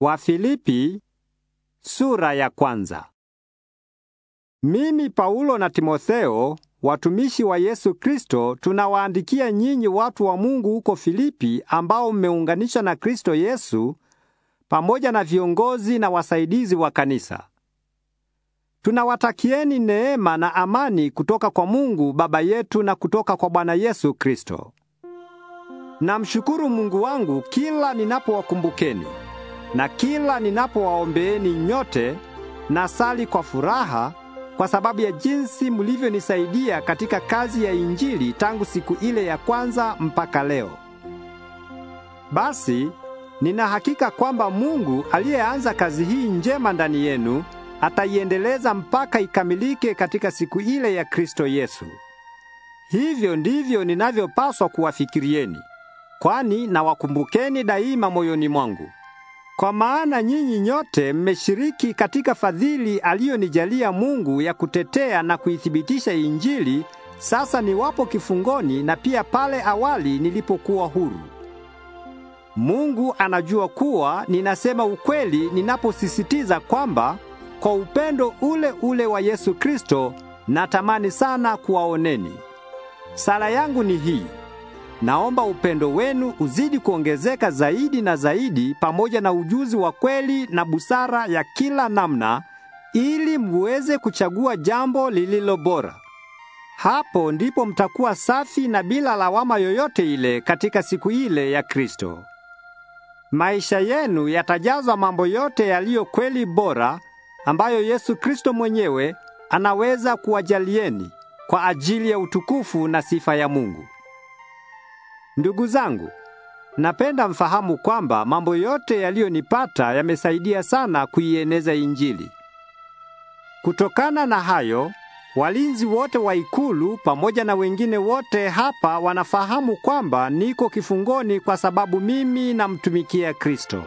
Wafilipi sura ya kwanza. Mimi Paulo na Timotheo watumishi wa Yesu Kristo tunawaandikia nyinyi watu wa Mungu huko Filipi ambao mmeunganisha na Kristo Yesu pamoja na viongozi na wasaidizi wa kanisa. Tunawatakieni neema na amani kutoka kwa Mungu Baba yetu na kutoka kwa Bwana Yesu Kristo. Namshukuru Mungu wangu kila ninapowakumbukeni na kila ninapowaombeeni nyote nasali kwa furaha kwa sababu ya jinsi mlivyonisaidia katika kazi ya Injili tangu siku ile ya kwanza mpaka leo. Basi nina hakika kwamba Mungu aliyeanza kazi hii njema ndani yenu ataiendeleza mpaka ikamilike katika siku ile ya Kristo Yesu. Hivyo ndivyo ninavyopaswa kuwafikirieni, kwani nawakumbukeni daima moyoni mwangu. Kwa maana nyinyi nyote mmeshiriki katika fadhili aliyonijalia Mungu ya kutetea na kuithibitisha Injili sasa niwapo kifungoni na pia pale awali nilipokuwa huru. Mungu anajua kuwa ninasema ukweli ninaposisitiza kwamba kwa upendo ule ule wa Yesu Kristo natamani sana kuwaoneni. Sala yangu ni hii. Naomba upendo wenu uzidi kuongezeka zaidi na zaidi, pamoja na ujuzi wa kweli na busara ya kila namna, ili muweze kuchagua jambo lililo bora. Hapo ndipo mtakuwa safi na bila lawama yoyote ile katika siku ile ya Kristo. Maisha yenu yatajazwa mambo yote yaliyo kweli bora ambayo Yesu Kristo mwenyewe anaweza kuwajalieni kwa ajili ya utukufu na sifa ya Mungu. Ndugu zangu, napenda mfahamu kwamba mambo yote yaliyonipata yamesaidia sana kuieneza Injili. Kutokana na hayo, walinzi wote wa ikulu pamoja na wengine wote hapa wanafahamu kwamba niko kifungoni kwa sababu mimi namtumikia Kristo.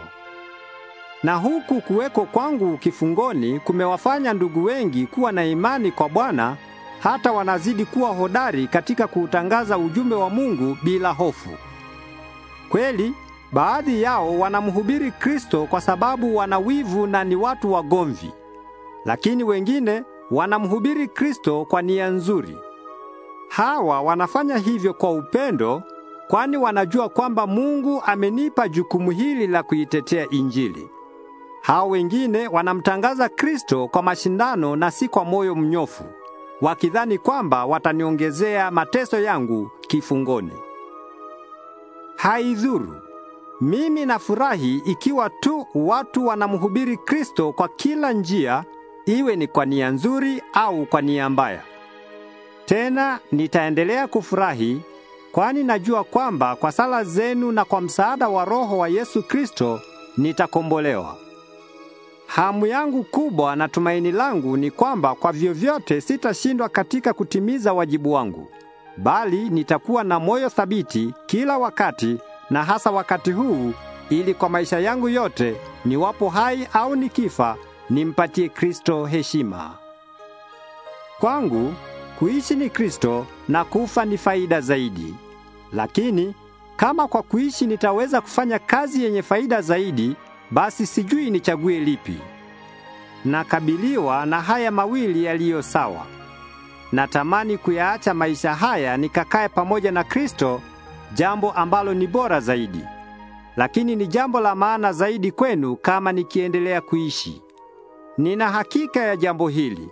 Na huku kuweko kwangu kifungoni kumewafanya ndugu wengi kuwa na imani kwa Bwana hata wanazidi kuwa hodari katika kuutangaza ujumbe wa Mungu bila hofu. Kweli, baadhi yao wanamhubiri Kristo kwa sababu wana wivu na ni watu wagomvi. Lakini wengine wanamhubiri Kristo kwa nia nzuri. Hawa wanafanya hivyo kwa upendo kwani wanajua kwamba Mungu amenipa jukumu hili la kuitetea Injili. Hao wengine wanamtangaza Kristo kwa mashindano na si kwa moyo mnyofu wakidhani kwamba wataniongezea mateso yangu kifungoni. Haidhuru, mimi nafurahi ikiwa tu watu wanamhubiri Kristo kwa kila njia, iwe ni kwa nia nzuri au kwa nia mbaya. Tena nitaendelea kufurahi, kwani najua kwamba kwa sala zenu na kwa msaada wa Roho wa Yesu Kristo nitakombolewa. Hamu yangu kubwa na tumaini langu ni kwamba kwa vyovyote sitashindwa katika kutimiza wajibu wangu, bali nitakuwa na moyo thabiti kila wakati na hasa wakati huu, ili kwa maisha yangu yote, niwapo hai au nikifa, nimpatie Kristo heshima. Kwangu kuishi ni Kristo na kufa ni faida zaidi. Lakini kama kwa kuishi nitaweza kufanya kazi yenye faida zaidi basi sijui nichague lipi. Nakabiliwa na haya mawili yaliyo sawa. Natamani kuyaacha maisha haya nikakae pamoja na Kristo, jambo ambalo ni bora zaidi. Lakini ni jambo la maana zaidi kwenu kama nikiendelea kuishi. Nina hakika ya jambo hili.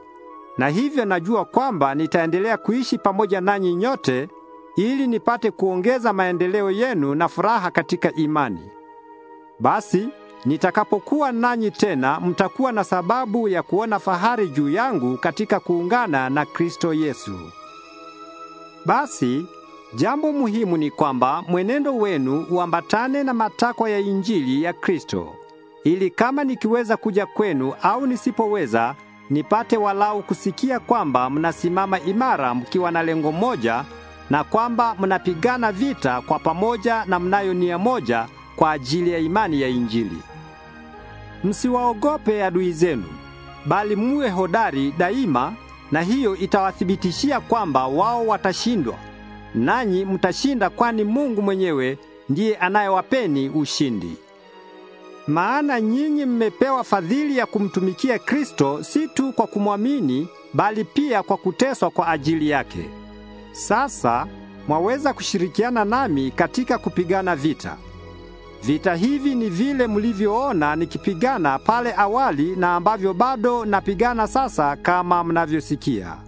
Na hivyo najua kwamba nitaendelea kuishi pamoja nanyi nyote ili nipate kuongeza maendeleo yenu na furaha katika imani. Basi Nitakapokuwa nanyi tena, mtakuwa na sababu ya kuona fahari juu yangu katika kuungana na Kristo Yesu. Basi jambo muhimu ni kwamba mwenendo wenu uambatane na matakwa ya Injili ya Kristo, ili kama nikiweza kuja kwenu au nisipoweza, nipate walau kusikia kwamba mnasimama imara mkiwa na lengo moja na kwamba mnapigana vita kwa pamoja na mnayo nia moja kwa ajili ya imani ya Injili. Msiwaogope adui zenu, bali muwe hodari daima, na hiyo itawathibitishia kwamba wao watashindwa, nanyi mtashinda, kwani Mungu mwenyewe ndiye anayewapeni ushindi. Maana nyinyi mmepewa fadhili ya kumtumikia Kristo, si tu kwa kumwamini, bali pia kwa kuteswa kwa ajili yake. Sasa mwaweza kushirikiana nami katika kupigana vita. Vita hivi ni vile mlivyoona nikipigana pale awali na ambavyo bado napigana sasa kama mnavyosikia.